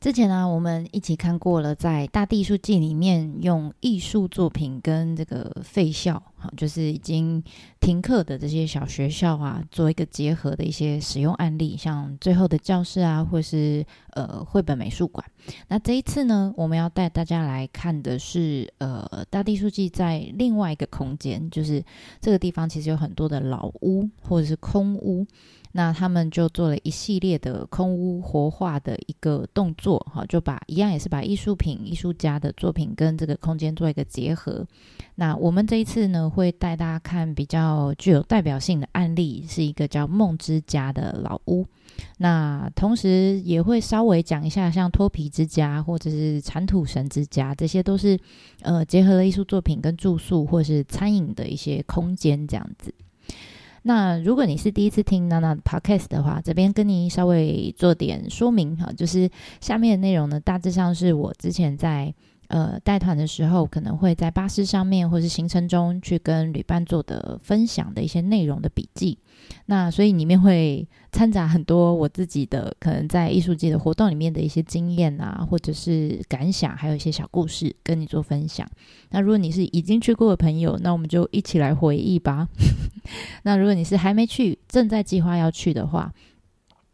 之前呢、啊，我們一起看過了在大地藝術祭裡面用藝術作品跟這個廢校，好，就是已經停課的這些小學校啊，做一個結合的一些使用案例，像最後的教室啊，或是呃繪本美術館。那這一次呢，我們要帶大家來看的是呃大地藝術祭在另外一個空間，就是這個地方其實有很多的老屋或者是空屋。那他們就做了一系列的空屋活化的一個動作，哈，就把一樣也是把藝術品、藝術家的作品跟這個空間做一個結合。那我們這一次呢，會帶大家看比較具有代表性的案例，是一個叫夢之家的老屋。那同時也會稍微講一下，像脫皮之家或者是產土神之家，這些都是呃結合了藝術作品跟住宿或是餐飲的一些空間這樣子。那如果你是第一次聽娜娜的 podcast 的話，這邊跟你稍微做點說明哈，就是下面的內容呢，大致上是我之前在，呃，帶團的時候可能會在巴士上面或是行程中去跟旅伴做的分享的一些內容的筆記，那所以裡面會摻雜很多我自己的可能在藝術祭的活動裡面的一些經驗啊，或者是感想，還有一些小故事跟你做分享。那如果你是已經去過的朋友，那我們就一起來回憶吧。 那如果你是還沒去，正在計劃要去的話，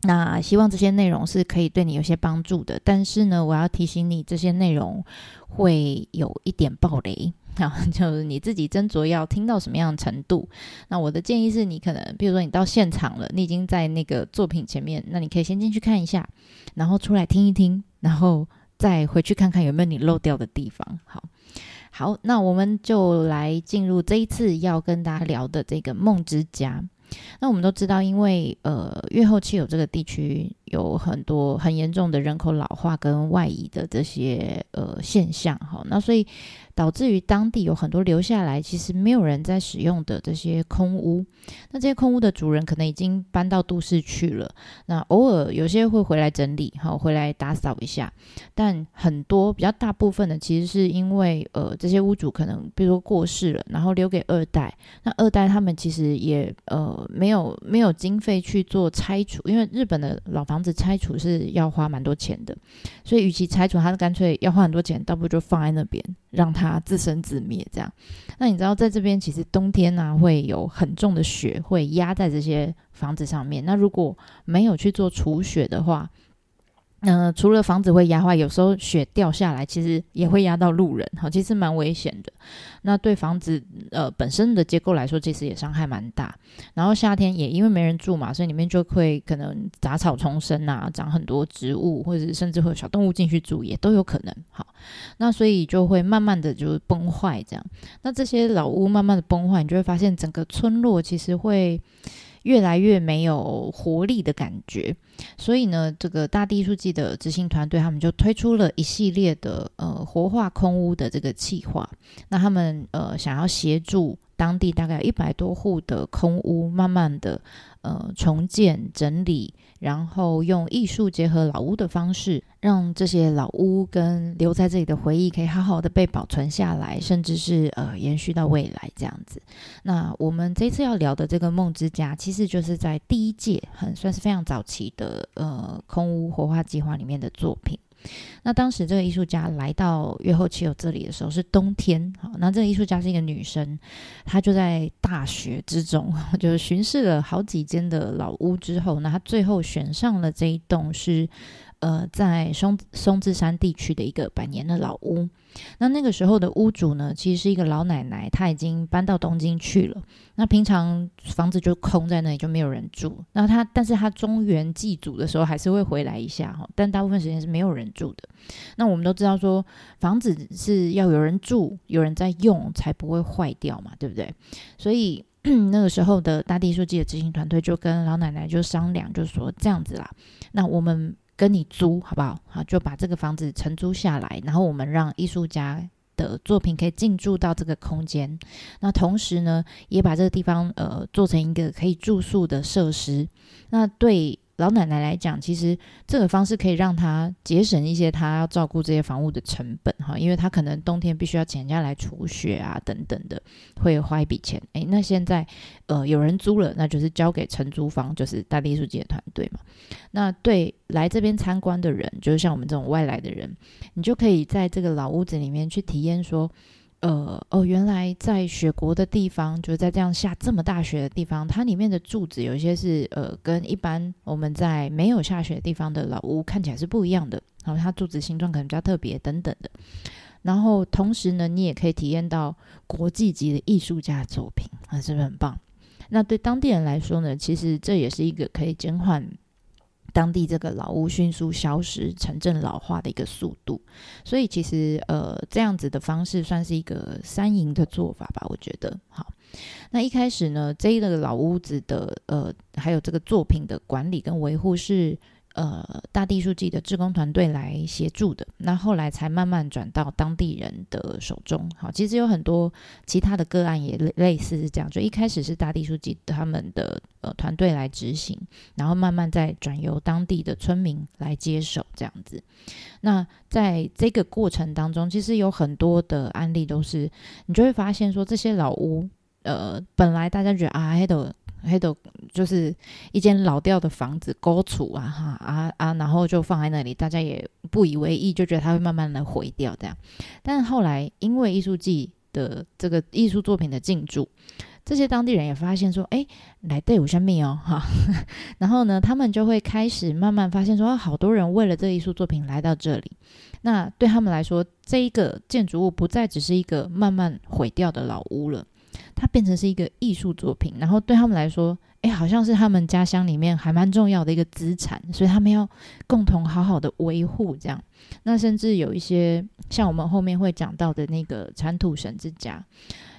那希望這些內容是可以對你有些幫助的，但是呢，我要提醒你，這些內容會有一點爆雷，然後就是你自己斟酌要聽到什麼樣的程度。那我的建議是你可能，比如說你到現場了，你已經在那個作品前面，那你可以先進去看一下，然後出來聽一聽，然後再回去看看有沒有你漏掉的地方。好，好，那我們就來進入這一次要跟大家聊的這個夢之家。那我們都知道，因為呃，越後妻有這個地區，有很多很嚴重的人口老化跟外移的這些呃現象哈，那所以導致於當地有很多留下來其實沒有人在使用的這些空屋，那這些空屋的主人可能已經搬到都市去了，那偶爾有些會回來整理好，回來打掃一下，但很多比較大部分的其實是因為呃這些屋主可能比如說過世了，然後留給二代，那二代他們其實也呃沒有沒有經費去做拆除，因為日本的老房。房子拆除是要花蠻多錢的，所以與其拆除，他是乾脆要花很多錢，倒不如就放在那邊，讓它自生自滅這樣。那你知道，在這邊其實冬天呢、啊、會有很重的雪，會壓在這些房子上面。那如果沒有去做除雪的話，嗯、呃，除了房子會壓壞，有時候雪掉下來，其實也會壓到路人，好，其實蠻危險的。那對房子呃本身的結構來說，其實也傷害蠻大。然後夏天也因為沒人住嘛，所以裡面就會可,可能雜草叢生啊，長很多植物，或者甚至會有小動物進去住，也都有可能。好，那所以就會慢慢的就崩壞這樣。那這些老屋慢慢的崩壞，你就會發現整個村落其實會。越來越沒有活力的感覺，所以呢，這個大地藝術祭的執行團隊，他們就推出了一系列的呃活化空屋的這個計劃。那他們呃想要協助。當地大概一百多戶的空屋，慢慢的呃重建整理，然後用藝術結合老屋的方式，讓這些老屋跟留在這裡的回憶可以好好的被保存下來，甚至是呃延續到未來這樣子。那我們這次要聊的這個夢之家，其實就是在第一屆很算是非常早期的呃空屋活化計劃裡面的作品。那當時這個藝術家來到越後妻有這裡的時候是冬天，好，那這個藝術家是一個女生，她就在大雪之中，就是巡視了好幾間的老屋之後，那她最後選上了這一棟是。呃，在松，松之山地區的一個百年的老屋，那那個時候的屋主呢，其實是一個老奶奶，她已經搬到東京去了。那平常房子就空在那裡，就沒有人住。那她，但是她中元祭祖的時候還是會回來一下哈。但大部分時間是沒有人住的。那我們都知道說，說房子是要有人住、有人在用，才不會壞掉嘛，對不對？所以 那個時候的大地藝術祭的執行團隊就跟老奶奶就商量，就說這樣子啦。那我們。跟你租好不好？好，就把這個房子承租下來，然後我們讓藝術家的作品可以進駐到這個空間。那同時呢，也把這個地方呃做成一個可以住宿的設施。那對。老奶奶來講，其實這個方式可以讓她節省一些她要照顧這些房屋的成本哈，因為她可能冬天必須要請人家來除雪啊等等的，會花一筆錢。誒，那現在呃有人租了，那就是交給承租方，就是大地藝術祭的團隊嘛。那對來這邊參觀的人，就是像我們這種外來的人，你就可以在這個老屋子裡面去體驗說。呃哦，原來在雪國的地方，就是在這樣下這麼大雪的地方，它裡面的柱子有一些是呃，跟一般我們在沒有下雪的地方的老屋看起來是不一樣的。然後它柱子形狀可能比較特別等等的。然後同時呢，你也可以體驗到國際級的藝術家的作品，啊，是不是很棒？那對當地人來說呢，其實這也是一個可以交換。當地這個老屋迅速消失，城鎮老化的一個速度，所以其實呃這樣子的方式算是一個三贏的做法吧，我覺得好。那一開始呢，這一個老屋子的呃還有這個作品的管理跟維護是。呃，大地藝術祭的志工團隊來協助的，那後來才慢慢轉到當地人的手中。好，其實有很多其他的個案也類似這樣，就一開始是大地藝術祭他們的呃團隊來執行，然後慢慢再轉由當地的村民來接手這樣子。那在這個過程當中，其實有很多的案例都是，你就會發現說，這些老屋，呃，本來大家覺得哎、啊黑豆就是一間老掉的房子，高處啊，哈啊啊，啊，然後就放在那裡，大家也不以為意，就覺得它會慢慢的毀掉這樣。但後來因為藝術祭的這個藝術作品的進駐，這些當地人也發現說，哎、欸，來帶我下面哦，哈、啊。然後呢，他們就會開始慢慢發現說，啊，好多人為了這藝術作品來到這裡，那對他們來說，這一個建築物不再只是一個慢慢毀掉的老屋了。它變成是一個藝術作品，然後對他們來說，誒、欸，好像是他們家鄉裡面還蠻重要的一個資產，所以他們要共同好好的維護這樣。那甚至有一些像我們後面會講到的那個產土神之家，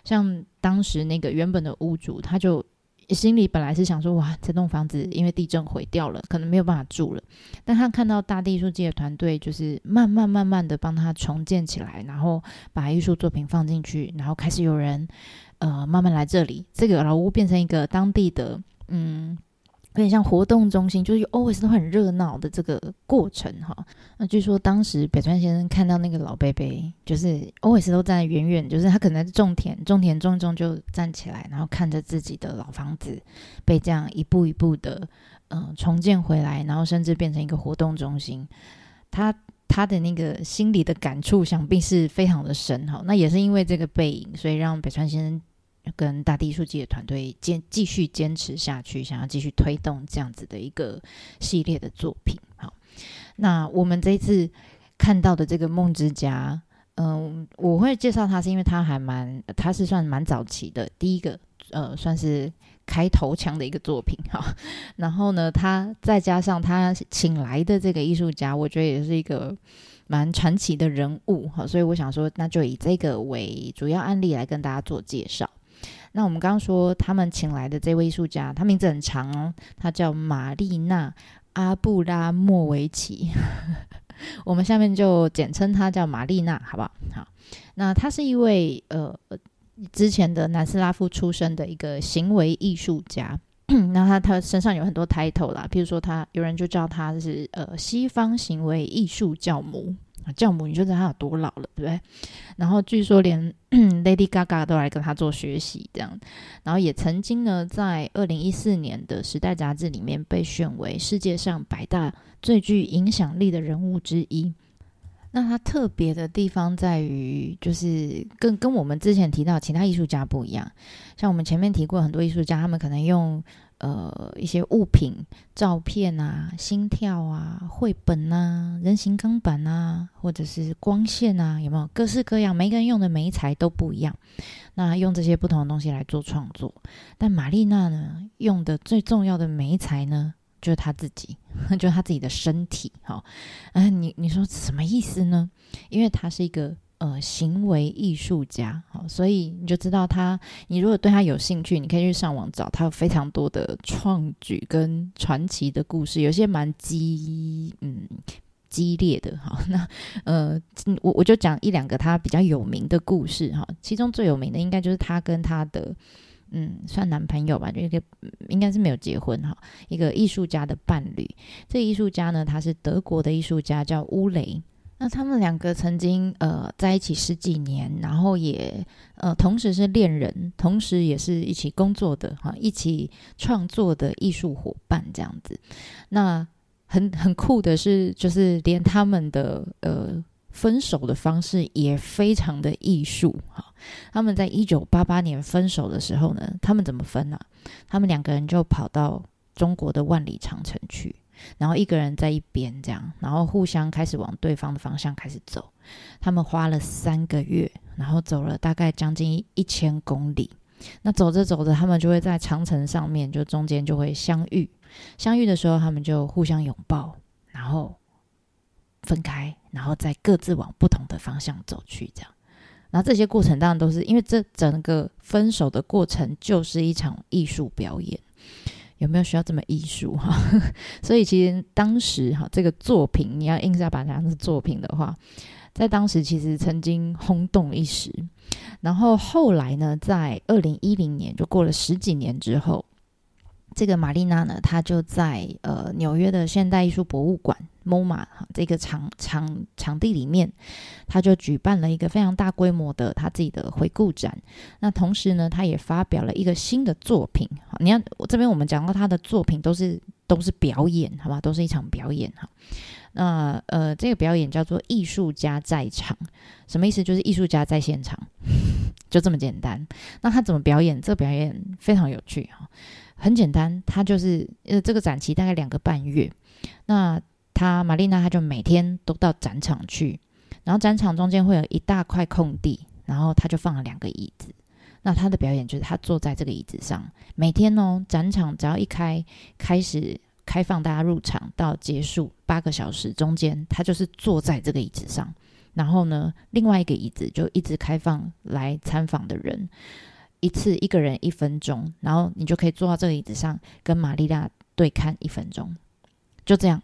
像當時那個原本的屋主，他就心裡本來是想說，哇，這棟房子因為地震毀掉了，可能沒有辦法住了。但他看到大地藝術祭的團隊，就是慢慢慢慢地幫他重建起來，然後把藝術作品放進去，然後開始有人。呃，慢慢來這裡，這個老屋變成一個當地的，嗯，有點像活動中心，就是 always 都很熱鬧的這個過程哈。那據說當時北川先生看到那個老伯伯，就是 always 都站得遠遠，就是他可能在種田，種田種中種就站起來，然後看着自己的老房子被這樣一步一步的，嗯、呃，重建回來，然後甚至變成一個活動中心，他。他的那個心裡的感觸，想必是非常的深哈。那也是因為這個背影，所以讓北川先生跟大地藝術祭的團隊堅繼續堅持下去，想要繼續推動這樣子的一個系列的作品。好，那我們這次看到的這個孟《夢之家》，嗯，我會介紹它，是因為它還蠻，它是算蠻早期的，第一個呃，算是。開頭強的一個作品哈，然後呢，他再加上他請來的這個藝術家，我覺得也是一個蠻傳奇的人物哈，所以我想說，那就以這個為主要案例來跟大家做介紹。那我們剛剛說他們請來的這位藝術家，他名字很長，哦，他叫瑪麗娜·阿布拉莫維奇， 我們下面就簡稱他叫瑪麗娜，好不好？好，那他是一位呃。之前的南斯拉夫出生的一個行為藝術家， 那他他身上有很多 title 啦，譬如說他有人就叫他是呃西方行為藝術教母，教母你就知道他有多老了，對不對？然後據說連 Lady Gaga 都來跟他做學習這樣，然後也曾經呢在二零一四年的《時代》雜誌裡面被選為世界上百大最具影響力的人物之一。那它特別的地方在於，就是跟跟我們之前提到其他藝術家不一樣。像我們前面提過很多藝術家，他們可能用呃一些物品、照片啊、心跳啊、繪本啊、人形鋼板啊，或者是光線啊，有沒有各式各樣？每一個人用的媒材都不一樣。那用這些不同的東西來做創作，但瑪莉娜呢，用的最重要的媒材呢？就是他自己，就是他自己的身體，哈、哦，嗯、啊，你你說什麼意思呢？因為他是一個呃行為藝術家，好、哦，所以你就知道他，你如果對他有興趣，你可以去上網找他有非常多的創舉跟傳奇的故事，有些蠻激，嗯，激烈的，哈、哦，那呃，我我就講一兩個他比較有名的故事，哈、哦，其中最有名的應該就是他跟他的。嗯，算男朋友吧，一個應該是沒有結婚哈，一個藝術家的伴侶。這個藝術家呢，他是德國的藝術家，叫烏雷。那他們兩個曾經呃在一起十幾年，然後也呃同時是戀人，同時也是一起工作的哈、啊，一起創作的藝術夥伴這樣子。那很很酷的是，就是連他們的呃。分手的方式也非常的藝術哈。他們在一九八八年分手的時候呢，他們怎麼分呢啊？他們兩個人就跑到中國的萬里長城去，然後一個人在一邊這樣，然後互相開始往對方的方向開始走。他們花了三個月，然後走了大概將近一千公里。那走着走着，他們就會在長城上面，就中間就會相遇。相遇的時候，他們就互相擁抱，然後分開。然後再各自往不同的方向走去，這樣。然後這些過程當然都是因為這整個分手的過程就是一場藝術表演，有沒有需要這麼藝術哈？所以其實當時哈這個作品，你要硬是要把它當成作品的話，在當時其實曾經轟動一時。然後後來呢，在二零一零年就過了十幾年之後。這個瑪麗娜呢，她就在呃紐約的現代藝術博物館 MOMA 這個場場場地裡面，她就舉辦了一個非常大規模的她自己的回顧展。那同時呢，她也發表了一個新的作品。你看這邊我們講到她的作品都是都是表演，好吧，都是一場表演哈。那呃這個表演叫做“藝術家在場”，什麼意思？就是藝術家在現場，就這麼簡單。那他怎麼表演？這個表演非常有趣哈。很簡單，他就是呃，這個展期大概兩個半月。那他瑪麗娜，Marina, 他就每天都到展場去。然後展場中間會有一大塊空地，然後他就放了兩個椅子。那他的表演就是他坐在這個椅子上，每天哦，展場只要一開，開始開放大家入場到結束八個小時中間，他就是坐在這個椅子上。然後呢，另外一個椅子就一直開放來參訪的人，一次一個人一分鐘，然後你就可以坐到這個椅子上跟瑪莉娜對看一分鐘，就這樣，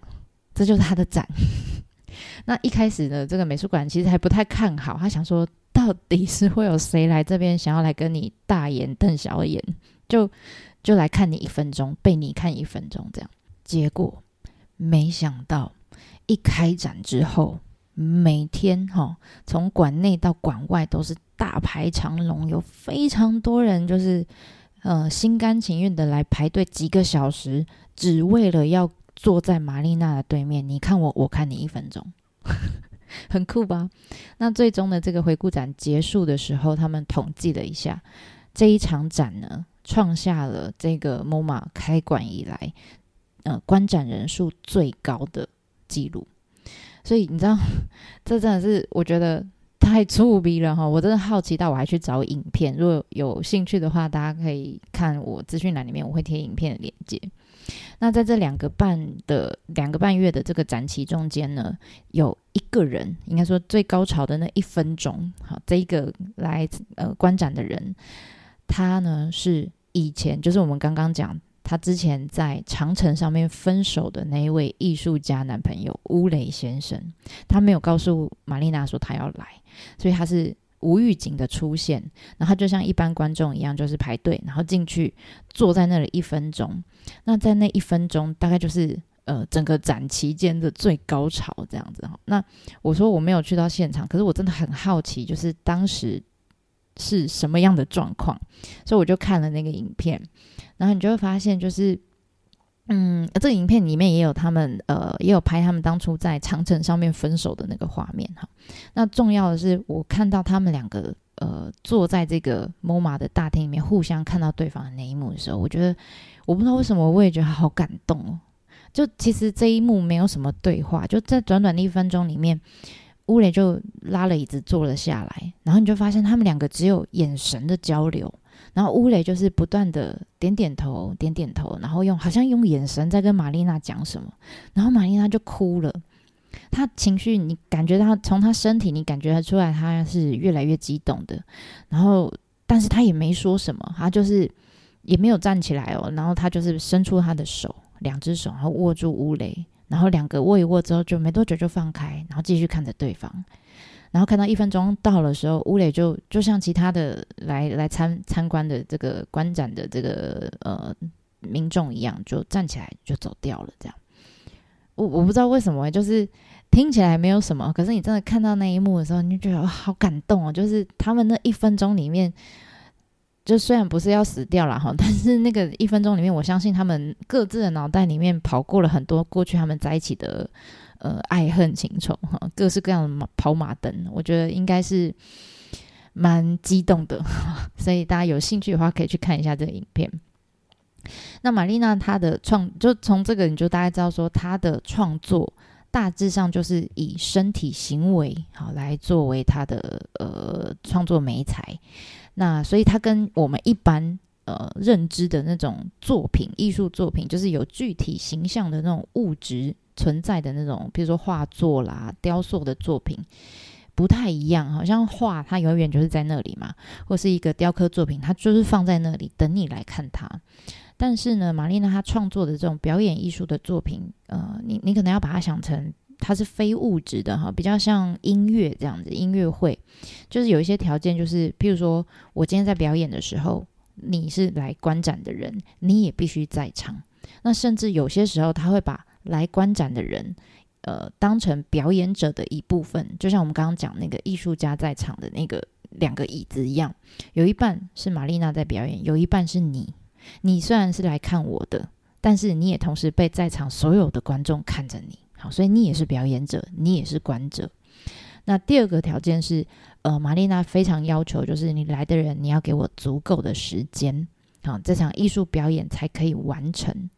這就是他的展。 那一開始呢，這個美術館其實還不太看好，他想說到底是會有誰來這邊想要來跟你大眼瞪小眼，就就來看你一分鐘，被你看一分鐘這樣。結果沒想到一開展之後。每天哈、哦，從館內到館外都是大排長龍，有非常多人就是，呃，心甘情願的來排隊幾個小時，只為了要坐在瑪麗娜的對面。你看我，我看你，一分鐘， 很酷吧？那最終的這個回顧展結束的時候，他們統計了一下，這一場展呢，創下了這個 MoMA 開館以來，呃，觀展人數最高的記錄。所以你知道，這真的是我覺得太出逼了。哈！我真的好奇到我還去找影片，如果有興趣的話，大家可以看我資訊欄裡面我會貼影片的鏈接。那在這兩個半的兩個半月的這個展期中間呢，有一個人，應該說最高潮的那一分鐘，好，這一個來呃觀展的人，他呢是以前就是我們剛剛講。他之前在長城上面分手的那一位藝術家男朋友烏雷先生，他沒有告訴瑪麗娜說他要來，所以他是無預警的出現，然後他就像一般觀眾一樣，就是排隊，然後進去坐在那裡一分鐘。那在那一分鐘，大概就是呃整個展期間的最高潮這樣子。那我說我沒有去到現場，可是我真的很好奇，就是當時，是什麼樣的狀況？所以我就看了那個影片，然後你就會發現，就是，嗯，這個影片裡面也有他們，呃，也有拍他們當初在長城上面分手的那個畫面哈。那重要的是，我看到他們兩個，呃，坐在這個 MOMA 的大廳裡面，互相看到對方的那一幕的時候，我覺得，我不知道為什麼，我也覺得好感動哦。就其實這一幕沒有什麼對話，就在短短的一分鐘裡面。烏雷就拉了椅子坐了下來，然後你就發現他們兩個只有眼神的交流，然後烏雷就是不斷的點點頭，點點頭，然後用好像用眼神在跟瑪麗娜講什麼，然後瑪麗娜就哭了，她情緒你感覺到從她身體你感覺出來她是越來越激動的，然後但是她也沒說什麼，她就是也沒有站起來哦，然後她就是伸出她的手，兩隻手，然後握住烏雷。然後兩個握一握之後，就沒多久就放開，然後繼續看着對方，然後看到一分鐘到的時候，烏雷就就像其他的來來參參觀的這個觀展的這個呃民眾一樣，就站起來就走掉了。這樣，我我不知道為什麼、欸、就是聽起來沒有什麼，可是你真的看到那一幕的時候，你就覺得哇好感動哦！就是他們那一分鐘裡面。就雖然不是要死掉了哈，但是那個一分鐘裡面，我相信他們各自的腦袋裡面跑過了很多過去他們在一起的呃愛恨情仇哈，各式各樣的馬跑馬燈，我覺得應該是蠻激動的。所以大家有興趣的話，可以去看一下這個影片。那瑪麗娜她的創，就從這個你就大概知道說她的創作大致上就是以身體行為好來作為她的呃創作媒材。那所以它跟我們一般呃認知的那種作品，藝術作品就是有具體形象的那種物質存在的那種，比如說畫作啦、雕塑的作品，不太一樣。好像畫它永遠就是在那裡嘛，或是一個雕刻作品，它就是放在那裡等你來看它。但是呢，瑪麗娜她創作的這種表演藝術的作品，呃，你你可能要把它想成。它是非物質的哈，比較像音樂這樣子。音樂會就是有一些條件，就是譬如說，我今天在表演的時候，你是來觀展的人，你也必須在場。那甚至有些時候，他會把來觀展的人，呃，當成表演者的一部分。就像我們剛剛講那個藝術家在場的那個兩個椅子一樣，有一半是瑪麗娜在表演，有一半是你。你雖然是來看我的，但是你也同時被在場所有的觀眾看着你。所以你也是表演者，你也是觀者。那第二個條件是，呃，瑪麗娜非常要求，就是你來的人，你要給我足夠的時間，好，這場藝術表演才可以完成。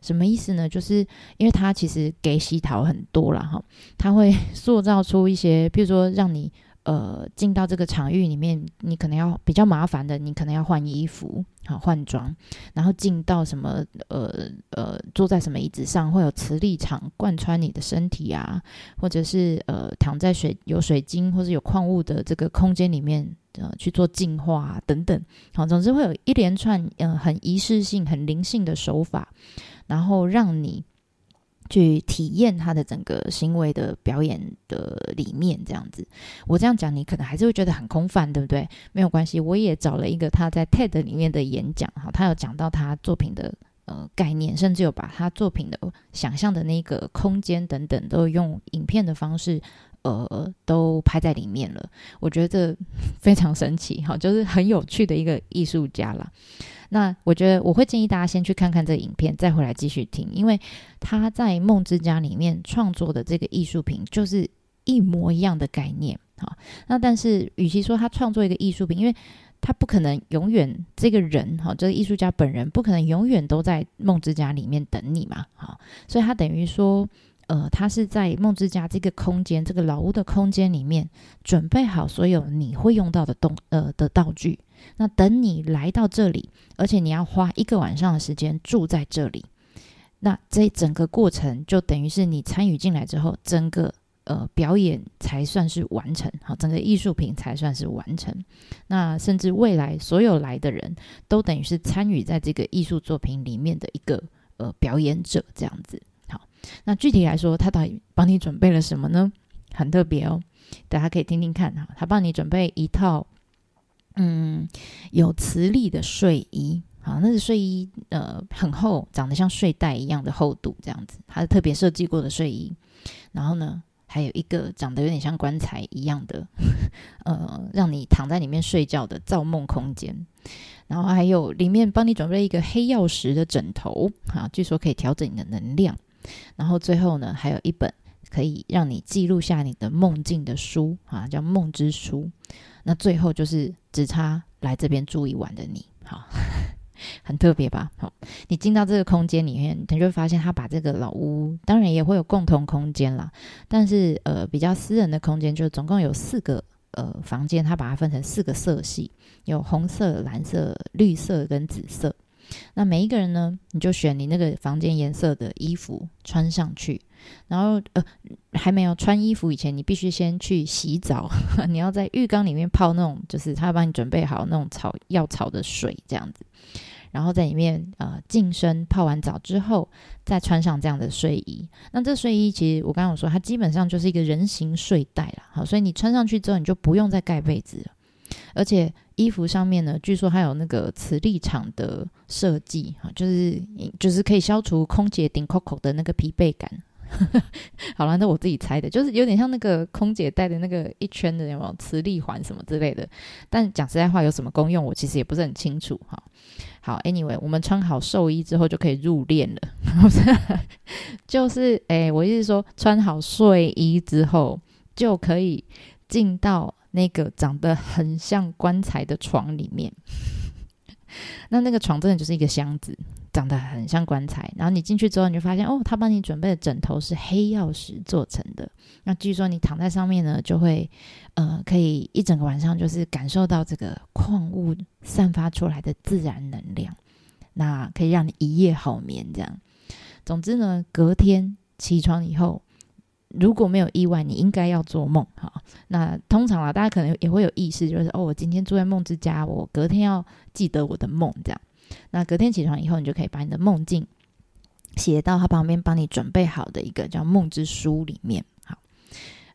什麼意思呢？就是因為他其實給洗陶很多了哈，他會塑造出一些，比如說讓你。呃，進到這個場域裡面，你可能要比較麻煩的，你可能要換衣服，好換裝，然後進到什麼呃呃，坐在什麼椅子上，會有磁力場貫穿你的身體啊，或者是呃躺在水有水晶或者有礦物的這個空間裡面，呃去做淨化、啊、等等，好，總之會有一連串嗯、呃、很儀式性、很靈性的手法，然後讓你。去體驗他的整個行為的表演的裡面，這樣子，我這樣講你可能還是會覺得很空泛，對不對？沒有關係，我也找了一個他在 TED 裡面的演講，哈，他有講到他作品的呃概念，甚至有把他作品的、呃、想象的那個空間等等都用影片的方式呃都拍在裡面了，我覺得非常神奇，哈，就是很有趣的一個藝術家啦。那我覺得我會建議大家先去看看這個影片，再回來繼續聽，因為他在《夢之家》裡面創作的這個藝術品就是一模一樣的概念。哈，那但是，與其說他創作一個藝術品，因為他不可能永遠這個人，哈，這個藝術家本人不可能永遠都在《夢之家》裡面等你嘛，哈，所以他等於說，呃，他是在《夢之家》這個空間，這個老屋的空間裡面，準備好所有你會用到的東呃的道具。那等你來到這裡，而且你要花一個晚上的時間住在這裡，那這整個過程就等於是你參與進來之後，整個呃表演才算是完成，好，整個藝術品才算是完成。那甚至未來所有來的人都等於是參與在這個藝術作品裡面的一個呃表演者，這樣子。好，那具體來說，他到底幫你準備了什麼呢？很特別哦，大家可以聽聽看哈，他幫你準備一套。嗯，有磁力的睡衣。好，那是、個、睡衣，呃，很厚，長得像睡袋一樣的厚度，這樣子，它是特別設計過的睡衣。然後呢，還有一個長得有點像棺材一樣的，呵呵呃，讓你躺在裡面睡覺的造夢空間。然後還有裡面幫你準備一個黑曜石的枕頭，啊，據說可以調整你的能量。然後最後呢，還有一本可以讓你記錄下你的夢境的書，啊，叫《夢之書》。那最後就是只差來這邊住一晚的你，好，很特別吧？好，你進到這個空間裡面，你就會發現他把這個老屋，當然也會有共同空間啦，但是呃比較私人的空間，就是總共有四個呃房間，他把它分成四個色系，有紅色、藍色、綠色跟紫色。那每一個人呢，你就選你那個房間顏色的衣服穿上去。然後呃，還沒有穿衣服以前，你必須先去洗澡。你要在浴缸裡面泡那種，就是他幫你準備好那種草藥草的水這樣子，然後在裡面呃淨身。泡完澡之後，再穿上這樣的睡衣。那這睡衣其實我剛剛有說，它基本上就是一個人形睡袋了。好，所以你穿上去之後，你就不用再蓋被子了。而且衣服上面呢，據說它有那個磁力場的設計哈，就是就是可以消除空姐頂扣扣的那個疲憊感。 好了，那我自己猜的，就是有點像那個空姐戴的那個一圈的，那種磁力環什麼之類的？但講實在話，有什麼功用，我其實也不是很清楚。好，好，anyway，我們穿好壽衣之後就可以入殮了， 就是誒、欸，我意思說，穿好睡衣之後就可以進到那個長得很像棺材的床裡面。那那個床真的就是一個箱子，長得很像棺材。然後你進去之後，你就發現哦，他幫你準備的枕頭是黑曜石做成的。那據說你躺在上面呢，就會呃，可以一整個晚上就是感受到這個礦物散發出來的自然能量，那可以讓你一夜好眠。這樣，總之呢，隔天起床以後。如果沒有意外，你應該要做夢哈。那通常啦，大家可能也會有意識，就是哦，我今天住在夢之家，我隔天要記得我的夢這樣。那隔天起床以後，你就可以把你的夢境寫到他旁邊幫你準備好的一個叫夢之書裡面，哈，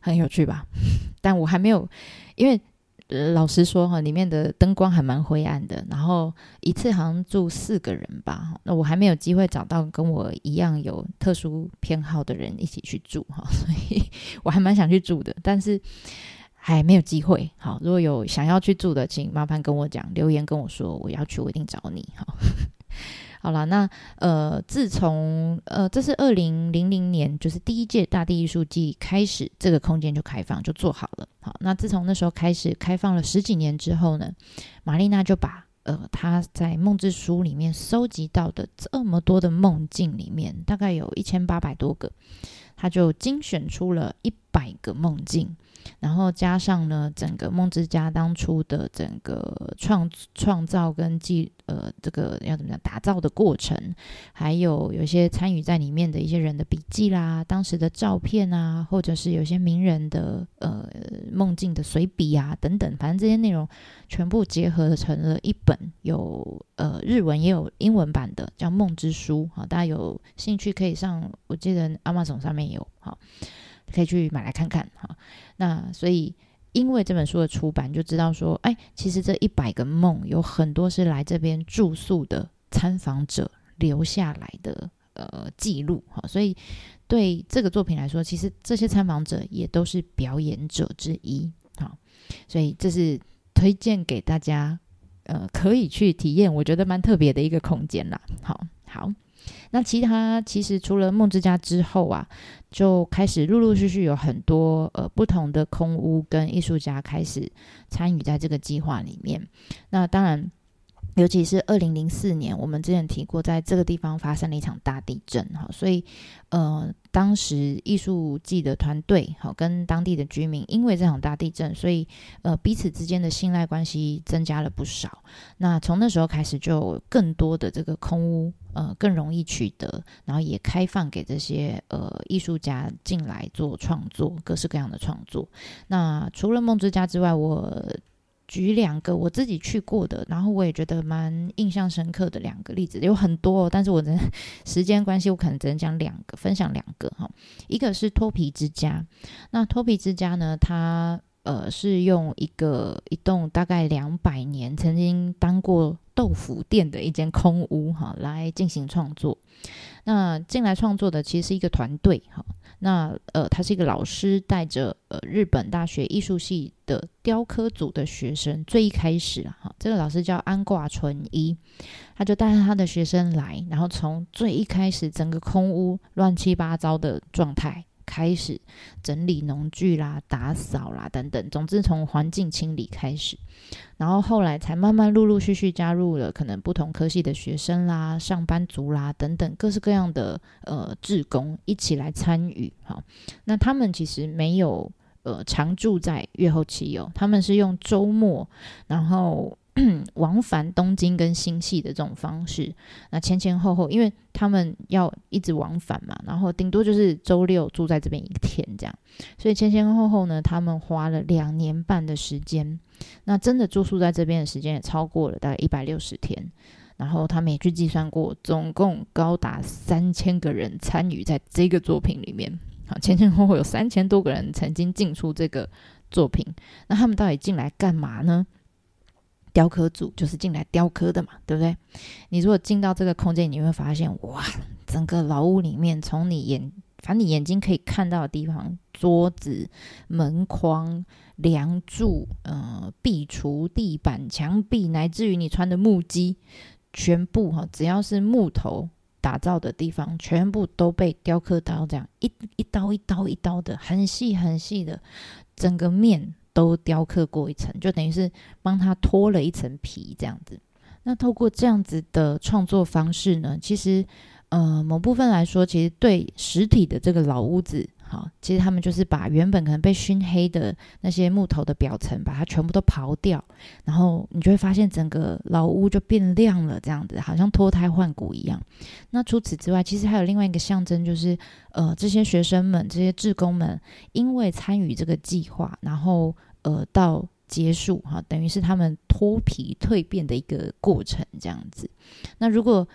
很有趣吧？但我還沒有，因為。老實說哈，裡面的燈光還蠻灰暗的。然後一次好像住四個人吧，那我還沒有機會找到跟我一樣有特殊偏好的人一起去住哈，所以我還蠻想去住的，但是還沒有機會。好，如果有想要去住的，請麻煩跟我講，留言跟我說，我要去，我一定找你。哈。好了，那呃，自從呃，這是二零零零年，就是第一屆大地藝術季開始，這個空間就開放，就做好了。好，那自從那時候開始開放了十幾年之後呢，瑪麗娜就把呃她在夢之書裡面收集到的這麼多的夢境裡面，大概有一千八百多個，她就精選出了一百個夢境。然後加上呢，整個夢之家當初的整個創創造跟記呃，這個要怎麼講打造的過程，還有有一些參與在裡面的一些人的筆記啦，當時的照片啊，或者是有些名人的呃夢境的隨筆啊等等，反正這些內容全部結合成了一本，有呃日文也有英文版的，叫《夢之書》好，大家有興趣可以上，我記得亞馬遜上面有，好可以去買來看看哈，那所以因為這本書的出版，就知道說，哎，其實這一百個夢有很多是來這邊住宿的參訪者留下來的呃記錄哈，所以對這個作品來說，其實這些參訪者也都是表演者之一啊，所以這是推薦給大家，呃，可以去體驗，我覺得蠻特別的一個空間啦，好好。那其他其實除了夢之家之後啊，就開始陸陸續續有很多呃不同的空屋跟藝術家開始參與在這個計劃裡面。那當然。尤其是二零零四年，我們之前提過，在這個地方發生了一場大地震，哈，所以，呃，當時藝術祭的團隊，好跟當地的居民，因為這場大地震，所以，呃，彼此之間的信賴關係增加了不少。那從那時候開始，就更多的這個空屋，呃，更容易取得，然後也開放給這些呃藝術家進來做創作，各式各樣的創作。那除了夢之家之外，我。舉兩個我自己去過的，然後我也覺得蠻印象深刻的兩個例子，有很多哦，但是我的時間關係，我可能只能講兩個，分享兩個哈。一個是脫皮之家，那脫皮之家呢，它呃是用一個一棟大概兩百年，曾經當過。豆腐店的一間空屋，哈，來進行創作。那進來創作的其實是一個團隊，哈，那呃，他是一個老師帶着呃日本大學藝術系的雕刻組的學生。最一開始啊，哈，這個老師叫鞍掛純一，他就帶着他的學生來，然後從最一開始整個空屋亂七八糟的狀態。開始整理農具啦、打掃啦等等，總之從環境清理開始，然後後來才慢慢陸陸續續加入了可能不同科系的學生啦、上班族啦等等各式各樣的呃志工一起來參與。好，那他們其實沒有呃常住在越後妻有，他們是用周末，然後。 往返東京跟新潟的這種方式，那前前後後，因為他們要一直往返嘛，然後頂多就是周六住在這邊一天這樣，所以前前後後呢，他們花了兩年半的時間，那真的住宿在這邊的時間也超過了大概一百六十天，然後他們也去計算過，總共高達三千個人參與在這個作品裡面，好，前前後後有三千多個人曾經進出這個作品，那他們到底進來幹嘛呢？雕刻組就是進來雕刻的嘛，對不對？你如果進到這個空間，你會發現，哇，整個老屋裡面，從你眼，反正你眼睛可以看到的地方，桌子、門框、樑柱、嗯、呃，壁櫥、地板、牆壁，乃至於你穿的木屐，全部哈、哦，只要是木頭打造的地方，全部都被雕刻刀這樣一一刀、一刀、一刀的，很細很細的整個面。都雕刻過一層，就等於是幫他脫了一層皮，這樣子。那透過這樣子的創作方式呢，其實，呃，某部分來說，其實對實體的這個老屋子。其實他們就是把原本可能被燻黑的那些木頭的表層，把它全部都刨掉，然後你就會發現整個老屋就變亮了，這樣子好像脫胎換骨一樣。那除此之外，其實還有另外一個象徵，就是呃這些學生們、這些志工們，因為參與這個計劃，然後呃到結束哈、哦，等於是他們脫皮蛻變的一個過程，這樣子。那如果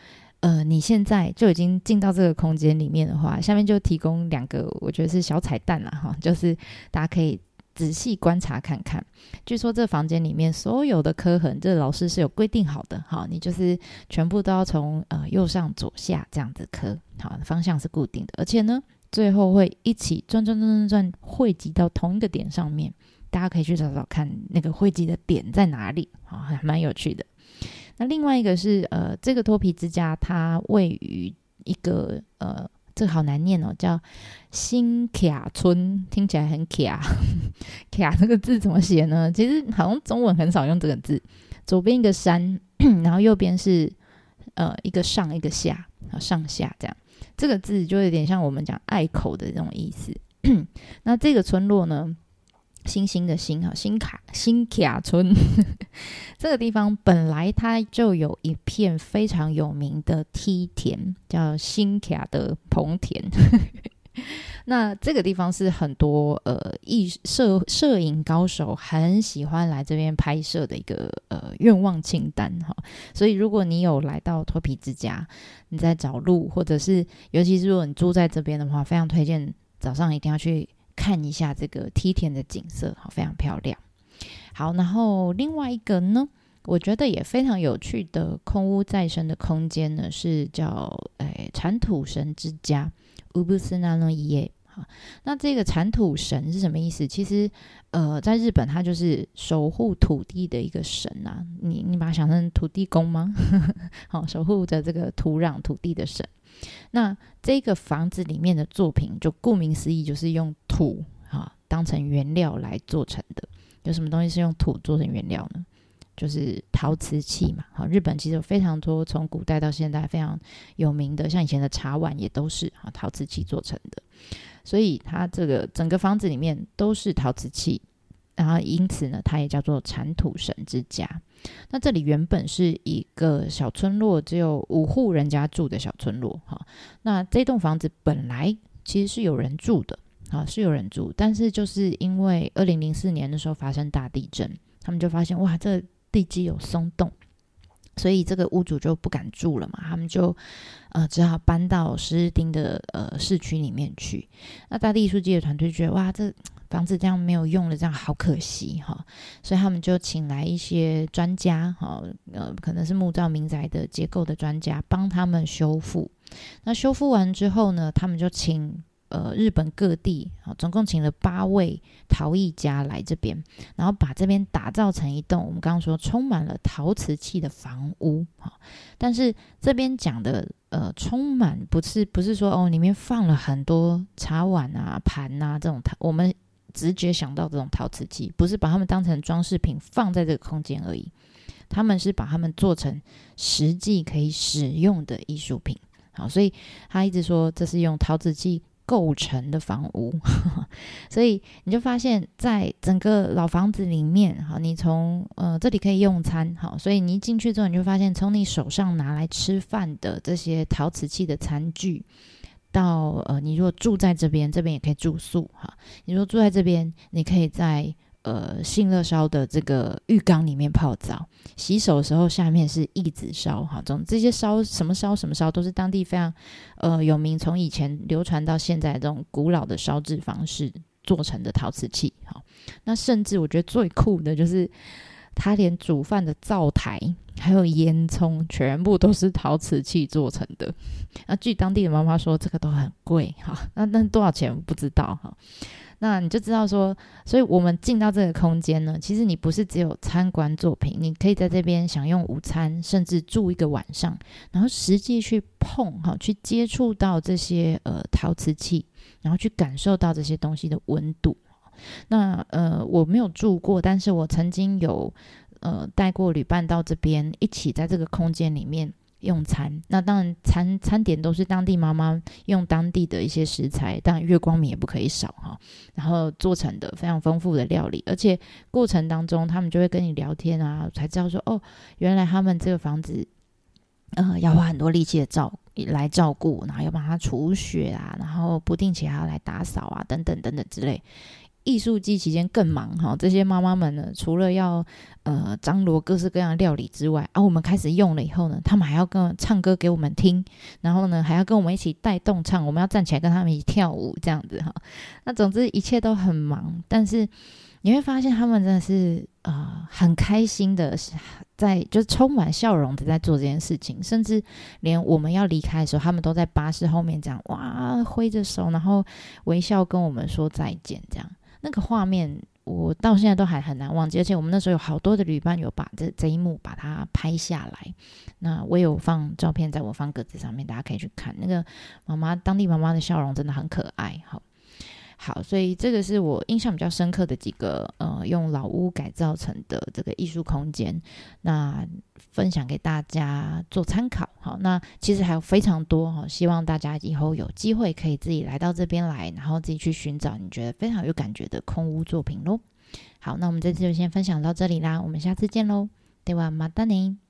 呃，你現在就已經進到這個空間裡面的話，下面就提供兩個，我覺得是小彩蛋了哈，就是大家可以仔細觀察看看。據說這房間裡面所有的刻痕，這個、老師是有規定好的哈，你就是全部都要從呃右上左下這樣子刻。好，方向是固定的。而且呢，最後會一起轉轉轉轉轉，匯集到同一個點上面。大家可以去找找看那個匯集的點在哪裡，啊，還蠻有趣的。那另外一個是，呃，這個脫皮之家，它位於一個呃，這個好難念哦，叫新卡村，聽起來很卡，卡這個字怎麼寫呢？其實好像中文很少用這個字，左邊一個山，然後右邊是呃一個上一個下，然後上下這樣，這個字就有點像我們講隘口的這種意思。那這個村落呢？星星的星，哈，星卡、星卡村。 這個地方本來它就有一片非常有名的梯田，叫星卡的棚田。 那這個地方是很多呃藝攝攝影高手很喜歡來這邊拍攝的一個呃願望清單，哈。所以如果你有來到脫皮之家，你在找路或者是尤其是如果你住在這邊的話，非常推薦早上一定要去。看一下這個梯田的景色，好，非常漂亮。好，然後另外一個呢，我覺得也非常有趣的空屋再生的空間呢，是叫誒產土神之家烏布斯納諾伊耶。好，那這個產土神是什麼意思？其實，呃，在日本，它就是守護土地的一個神啊。你你把它想成土地公嗎？呵呵，好，守護着這個土壤、土地的神。那這個房子裡面的作品，就顧名思義，就是用。土啊，當成原料來做成的，有什麼東西是用土做成原料呢？就是陶瓷器嘛。哈，日本其實有非常多從古代到現在非常有名的，像以前的茶碗也都是啊，陶瓷器做成的。所以它這個整個房子裡面都是陶瓷器，然後因此呢，它也叫做產土神之家。那這裡原本是一個小村落，只有五戶人家住的小村落哈，啊。那這棟房子本來其實是有人住的。啊、哦，是有人住，但是就是因為二零零四年的時候發生大地震，他們就發現哇，這個地基有鬆動，所以這個屋主就不敢住了嘛，他們就呃只好搬到十日町的呃市區裡面去。那大地藝術祭的團隊覺得哇，這房子這樣沒有用了，這樣好可惜哈、哦，所以他們就請來一些專家哈、哦，呃，可能是木造民宅的結構的專家幫他們修復。那修復完之後呢，他們就請。呃，日本各地啊，總共請了八位陶藝家來這邊，然後把這邊打造成一棟我們剛剛說充滿了陶瓷器的房屋哈，但是這邊講的呃，充滿不是不是說哦，裡面放了很多茶碗啊、盤吶、啊、這種我們直覺想到這種陶瓷器，不是把它們當成裝飾品放在這個空間而已。他們是把它們做成實際可以使用的藝術品。好，所以他一直說這是用陶瓷器構成的房屋，呵呵，所以你就發現在整個老房子裡面，哈，你從呃這裡可以用餐，哈，所以你一進去之後，你就發現從你手上拿來吃飯的這些陶瓷器的餐具，到呃你如果住在這邊，這邊也可以住宿，哈，你如果住在這邊，你可以在。呃，信樂燒的這個浴缸裡面泡澡，洗手的時候下面是益子燒，哈，這種這些燒什麼燒什麼燒，都是當地非常呃有名，從以前流傳到現在這種古老的燒制方式做成的陶瓷器，哈。那甚至我覺得最酷的就是，他連煮飯的灶台還有煙囪全部都是陶瓷器做成的。那據當地的媽媽說，這個都很貴，哈。那那多少錢我不知道，哈。那你就知道說，所以我們進到這個空間呢，其實你不是只有參觀作品，你可以在這邊享用午餐，甚至住一個晚上，然後實際去碰哈，去接觸到這些呃陶瓷器，然後去感受到這些東西的溫度。那呃，我沒有住過，但是我曾經有呃帶過旅伴到這邊，一起在這個空間裡面。用餐，那當然餐，餐點都是當地媽媽用當地的一些食材，當然月光米也不可以少哈。然後做成的非常豐富的料理，而且過程當中他們就會跟你聊天啊，才知道說哦，原來他們這個房子，呃，要花很多力氣的，照來照顧，然後要幫他除雪啊，然後不定期還要來打掃啊，等等等等之類。藝術季期間更忙哈，這些媽媽們呢，除了要呃張羅各式各樣的料理之外，啊，我們開始用了以後呢，他們還要跟唱歌給我們聽，然後呢還要跟我們一起帶動唱，我們要站起來跟他們一起跳舞這樣子哈。那總之一切都很忙，但是你會發現他們真的是呃很開心的在，就是充滿笑容的在做這件事情，甚至連我們要離開的時候，他們都在巴士後面這樣哇揮着手，然後微笑跟我們說再見這樣。那個畫面我到現在都還很難忘記，而且我們那時候有好多的旅伴有把這這一幕把它拍下來，那我有放照片在我方格子上面，大家可以去看那個媽媽，當地媽媽的笑容真的很可愛，好。好，所以這個是我印象比較深刻的幾個，呃，用老屋改造成的這個藝術空間，那分享給大家做參考。好，那其實還有非常多哈，希望大家以後有機會可以自己來到這邊來，然後自己去尋找你覺得非常有感覺的空屋作品嘍。好，那我們這次就先分享到這裡啦，我們下次見嘍，ではまたね。